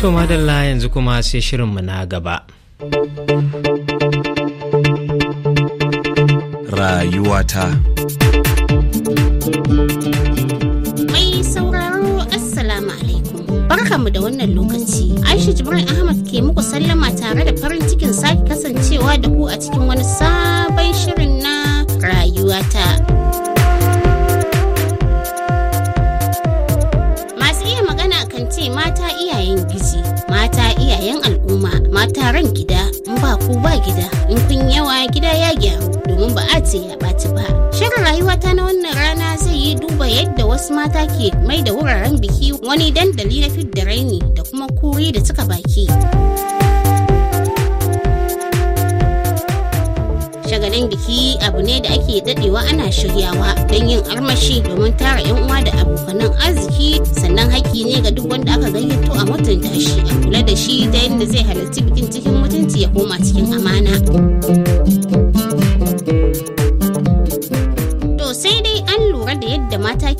To madalla yanzu kuma sai shirin mu na gaba. Rayuwata Mai sauraro Assalamu alaikum. mu da wannan lokaci. Aisha Jibrin Ahmad ke muku sallama tare da farin cikin sake kasancewa da ku a cikin wani sabon shirin na rayuwata. taron gida in ba ku ba gida in kun yawa gida ya gyaru domin ba a ce ya ɓaci ba shirin rayuwata na wannan rana zai yi duba yadda wasu mata ke mai da wuraren biki wani dandali na fidda raini da kuma kuri da suka baki. shagalin biki abu ne da ake dadewa ana shiryawa don yin armashi domin tara yan uwa da abokanan arziki sannan haƙƙi ne ga duk wanda aka gayyato a mutunta shi a kula da shi ta yadda zai halarci bikin cikin mutunci ya koma cikin amana.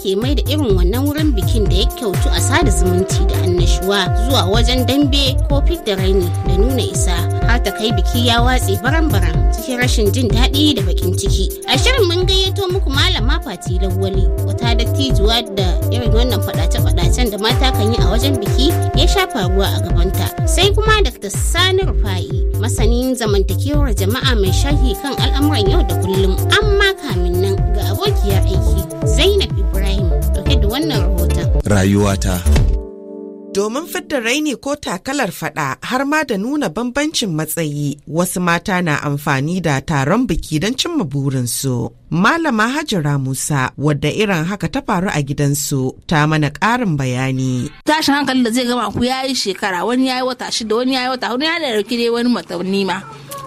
ke mai da irin wannan wurin bikin da ya kyautu a sada zumunci da annashuwa zuwa wajen dambe ko da raini da nuna isa har ta kai biki ya watse baran-baran cikin rashin jin daɗi da bakin ciki. A shirin mun gayyato muku malama Fati lawali wata dattijuwa da irin wannan faɗace-faɗacen da mata kan yi a wajen biki ya sha faruwa a gabanta. Sai kuma Dr. Sani Rufai masanin zamantakewar jama'a mai sharhi kan al'amuran yau da kullum. Amma kamin nan ga abokiyar aiki Zainab Ibrahim dauke da wannan rahoton. Rayuwata. domin fidda raini ko takalar fada har ma da nuna bambancin matsayi wasu mata na amfani da taron biki don cimma burinsu. Malama Hajara Musa wadda irin haka ta faru a gidansu ta mana ƙarin bayani. Tashin hankali da zai gama ku yayi shekara wani yayi wata shida wani yayi wata wani ya da dai wani matanni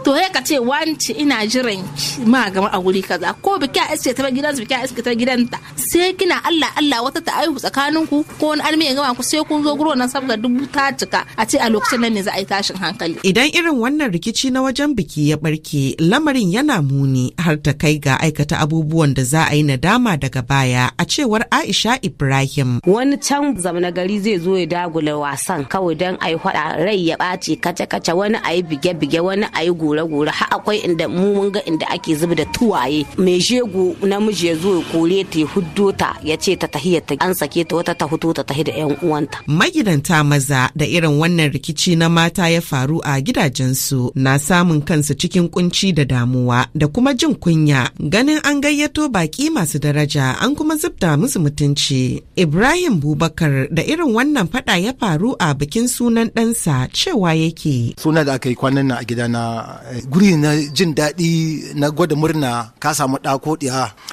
to sai ka ce wanci ina jiran ma gama a wuri kaza ko biki a iske ta su biki a iske ta gidanta sai kina Allah Allah wata ta aihu tsakanin ku ko wani almi ya gama ku sai kun zo guro nan saboda dubu ta cika a ce a lokacin nan ne za a yi tashin hankali idan irin wannan rikici na wajen biki ya barke lamarin yana muni har ta kai ga aikata abubuwan da za a yi nadama daga baya a cewar Aisha Ibrahim wani can zamna gari zai zo ya dagula wasan kawai dan ai rai ya ɓaci kace kace wani ayi bige bige wani ayi gura gure-gure har akwai inda mu mun ga inda ake zuba da tuwaye mai jego namiji ya zo ya kore ta ya huddo ta ya ce ta tahiyar ta an sake ta wata ta huto ta tahi da yan uwanta. Magidanta maza da irin wannan rikici na mata ya faru a gidajensu na samun kansu cikin kunci da damuwa da kuma jin kunya ganin an gayyato baki masu daraja an kuma zubda musu mutunci. Ibrahim Bubakar da irin wannan fada ya faru a bikin sunan ɗansa cewa yake. Suna da aka yi kwanan na a gida na guri na jin daɗi na gwada murna ka samu ɗa ko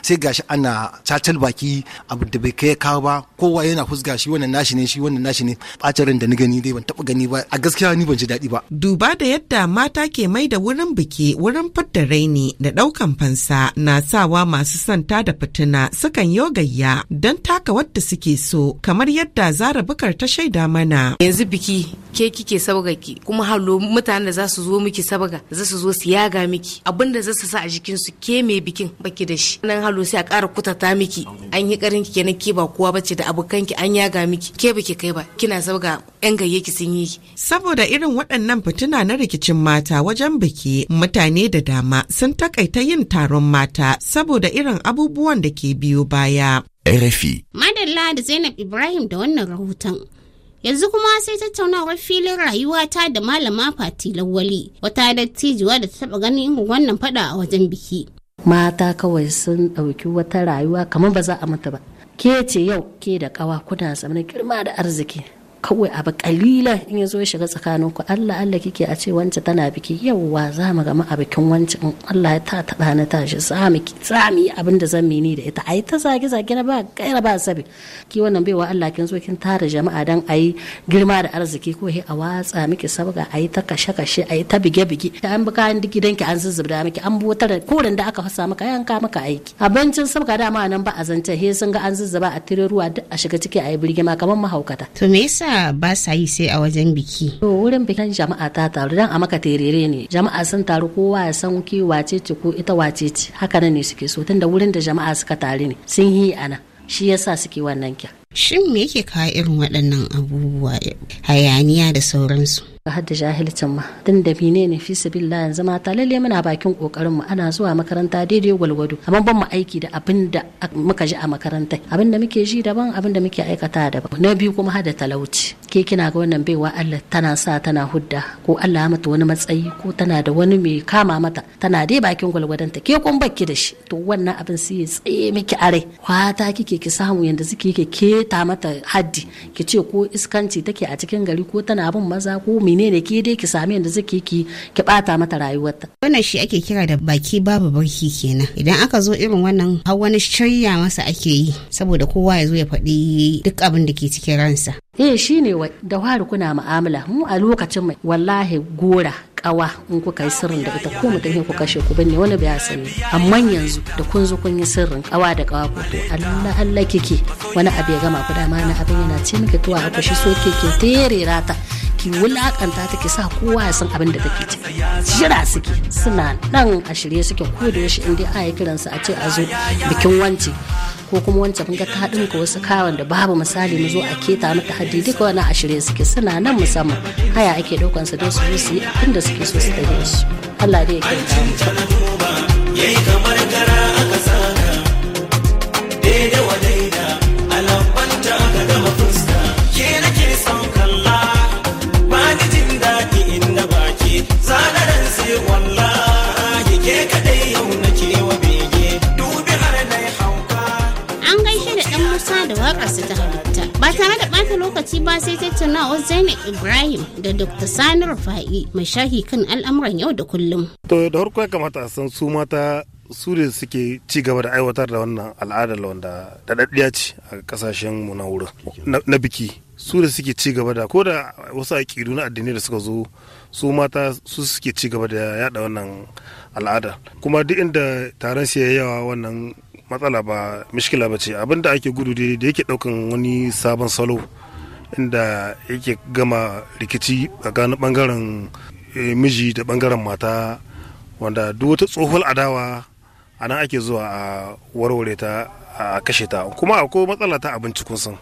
sai gashi ana cacal baki abu da bai kai kawo ba kowa yana husga shi wannan nashi ne shi wannan nashi ne bacin da ni gani dai ban taba gani ba a gaskiya ni ban ji daɗi ba duba da yadda mata ke mai da wurin biki wurin fidda raini da ɗaukan fansa na sawa masu santa da fitina sukan yogayya don taka wadda suke so kamar yadda zara bukar ta shaida mana yanzu biki ke kike sabga ki kuma halo mutanen da za su zo miki sabga za su zo su yaga miki abinda za su sa a jikin su ke mai bikin baki da shi falo sai a ƙara kutata miki an yi ƙarin ki kenan ke ba kowa bace da abokan ki an yaga miki ke baki kai ba kina zabga yan gayyaki sun yi saboda irin waɗannan fituna na rikicin mata wajen biki mutane da dama sun takaita yin taron mata saboda irin abubuwan da ke biyo baya RFI Madalla da Zainab Ibrahim da wannan rahoton yanzu kuma sai tattaunawar filin rayuwata da malama fati lawali wata dattijuwa da ta taba ganin wannan fada a wajen biki mata kawai sun ɗauki wata rayuwa kamar ba za a mutu ba ke ce yau ke da kawa kuna zama girma da arziki kawai abu kalila in yazo ya shiga tsakanin ku Allah Allah kike a ce wance tana biki yau za mu gama a bikin wance in Allah ya ta taɓa na tashi za mu yi abin da zan ni da ita ai ta zage zage na ba kaira ba sabi ki wannan baiwa Allah kin zo kin tara jama'a dan ayi girma da arziki ko he a watsa miki sabga ayi ta kashe kashe ayi ta bige bige an buka an diki an zuzzubda miki an botar da koren da aka fasa maka yanka maka aiki abincin sabga dama nan ba a zance he sun ga an zuzzuba a tire ruwa duk a shiga ciki ayi birgima kamar mahaukata to me yasa yasa ba sa yi sai a wajen biki to wurin bikin jama'a ta taru dan a maka terere ne jama'a sun taru kowa ya san ki wace ce ko ita wace ce haka nan ne suke so tunda wurin da jama'a suka taru ne sun yi ana shi yasa suke wannan kya shin me yake kawo irin waɗannan abubuwa hayaniya da sauransu hadda jahilcin ma tun da bine ne fi la yanzu mata lalle muna bakin kokarin mu ana zuwa makaranta daidai walwado amma ban mu aiki da abin da muka ji a makarantai abin da muke ji daban abin da muke aikata daban na biyu kuma hada talauci ke kina ga wannan baiwa Allah tana sa tana hudda ko Allah ya mata wani matsayi ko tana da wani mai kama mata tana dai bakin ta ke kun baki da shi to wannan abin sai ya tsaye miki are kwata kike ki samu yanda suke ke ta mata haddi ki ce ko iskanci take a cikin gari ko tana bin maza ko mai menene ke dai ki sami yadda zaki ki ki bata mata rayuwarta wannan shi ake kira da baki babu barki kenan idan aka zo irin wannan har wani shirya masa ake yi saboda kowa ya zo ya faɗi duk abin da ke cikin ransa eh shine da wari kuna mu'amala mu a lokacin mai wallahi gora kawa in kuka yi sirrin da ita ko mutum ku kashe ku binne wani bai sani amma yanzu da kun zo kun yi sirrin kawa da kawa ko to Allah Allah kike wani abu ya gama ku dama na abin yana ce miki tuwa ku shi so kike tere rata ki wulakanta ta sa kowa ya san abin da take ci jira suke suna nan a shirye suke ko da yashi inda a yi kiransu a ce a zo bikin wance ko kuma wance kun ga ka ka wasu kawan da babu misali mu zo a keta mata haddi duka wani a shirye suke suna nan musamman haya ake daukan sa don su yi su yi abin da suke so su da su Allah dai ya kiyaye ta yayi kamar gara aka sa waƙarsa ta halitta. Ba tare da ɓata lokaci ba sai tattaunawar Zainab Ibrahim da Dr. Sani Rufa'i mai shahi kan al'amuran yau da kullum. To da farko ya kamata a san su mata su da suke ci gaba da aiwatar da wannan al'adar wanda daɗaɗɗiya ce a ƙasashen mu na wurin na biki su da suke ci gaba da ko da wasu aƙidu na addini da suka zo su mata su suke ci gaba da yada wannan al'ada kuma duk inda taron su yawa wannan matsala ba mishkila ba ce abinda ake gudu da yake daukan wani sabon salo inda yake gama rikici tsakanin bangaren eh, miji da bangaren mata wanda duk wata tsohon adawa a nan ake zuwa a warware ta a kashe ta kuma akwai matsala ta abinci kusan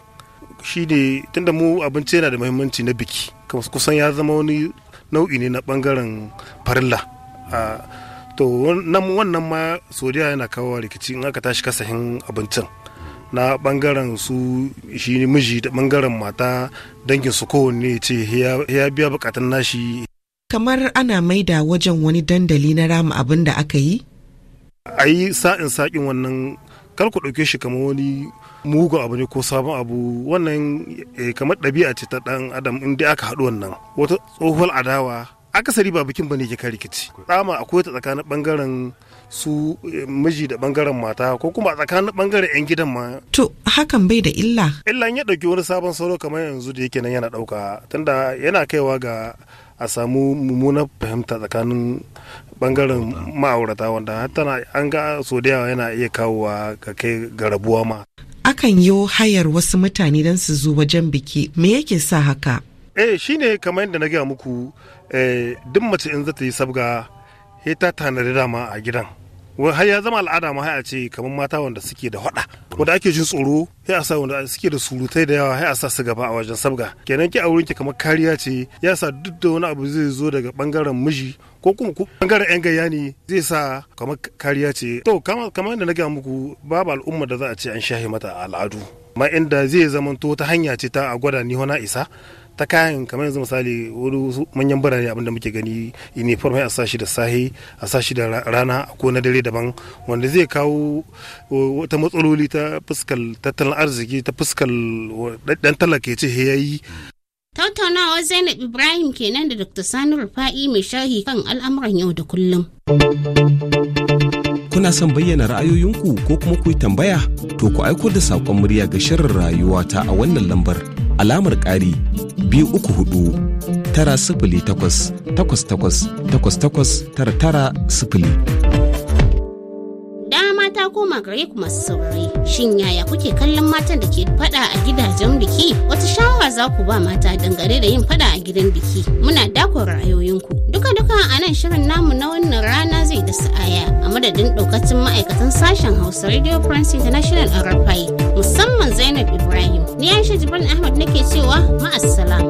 shi ne tunda mu abinci yana da muhimmanci na biki kusan ya zama wani nau'i ne na bangaren farilla to wannan ma sodiya yana kawo rikici in aka tashi kasahin abincin na bangaren su shi miji da bangaren mata dangin su kowanne ce ya biya bukatun nashi kamar ana maida wajen wani dandali na rama abin da aka yi a yi sa'in saƙin wannan kar ku ɗauke shi kamar wani mugu abu ne ko sabon abu wannan eh, kamar ɗabi'a ce ta ɗan adam in aka haɗu wannan wata tsohuwar adawa akasari ba bikin bane ke rikici tsama akwai ta tsakanin bangaren su eh, miji da bangaren mata ko kuma tsakanin bangaren yan gidan ma to hakan bai da illa illa ya dauki wani sabon sauro kamar yanzu da yake nan yana dauka tunda yana kaiwa ga a samu mummunar fahimta tsakanin bangaren ma'aurata wanda tana an ga so yana iya kawowa ga kai ga rabuwa ma akan yi hayar wasu mutane don su zo wajen biki me yake sa haka eh shine kamar yadda na gaya muku Eh, duk mace in za ta yi sabga he ta tanadi dama a gidan wai har ya zama al'ada ma a ce kamar mata wanda suke da hada wanda ake jin tsoro ya sa wanda suke da surutai da yawa ya sa su gaba a wajen sabga kenan ki aurenki kamar kariya ce ya sa duk da wani abu zai zo daga bangaren miji ko kuma bangaren yan gayya ne zai sa kamar kariya ce to kamar yadda na ga muku babu al'umma da za a ce an shahi mata al'adu ma inda zai zamanto ta hanya ce ta a gwada ni na isa ta kayan kamar yanzu misali wani manyan birane abinda muke gani uniform a sashi da sahi a sashi da rana ko na dare daban wanda zai kawo wata matsaloli ta fuskar tattalin arziki ta fuskar dan talaka ce yayi tattaunawa zainab ibrahim kenan da dr sani rufa'i mai shahi kan al'amuran yau da kullum kuna son bayyana ra'ayoyinku ko kuma ku tambaya to ku aiko da saƙon murya ga shirin rayuwa ta a wannan lambar alamar ƙari biyu uku hudu tara sifili takwas takwas takwas takwas takwas tara tara sifili. Dama ta koma gare ku masu saurari shin yaya kuke kallon matan da ke fada a gidajen biki za ku ba mata dangane da yin fada a gidan biki. Muna dakon ra'ayoyinku. Duka-duka a nan shirin namu na wannan rana zai da aya. a madadin ɗaukacin ma'aikatan sashen Hausa Radio France International a Rafai musamman Zainab Ibrahim. Ni Aisha Jibrin Ahmad nake cewa ma'assalam.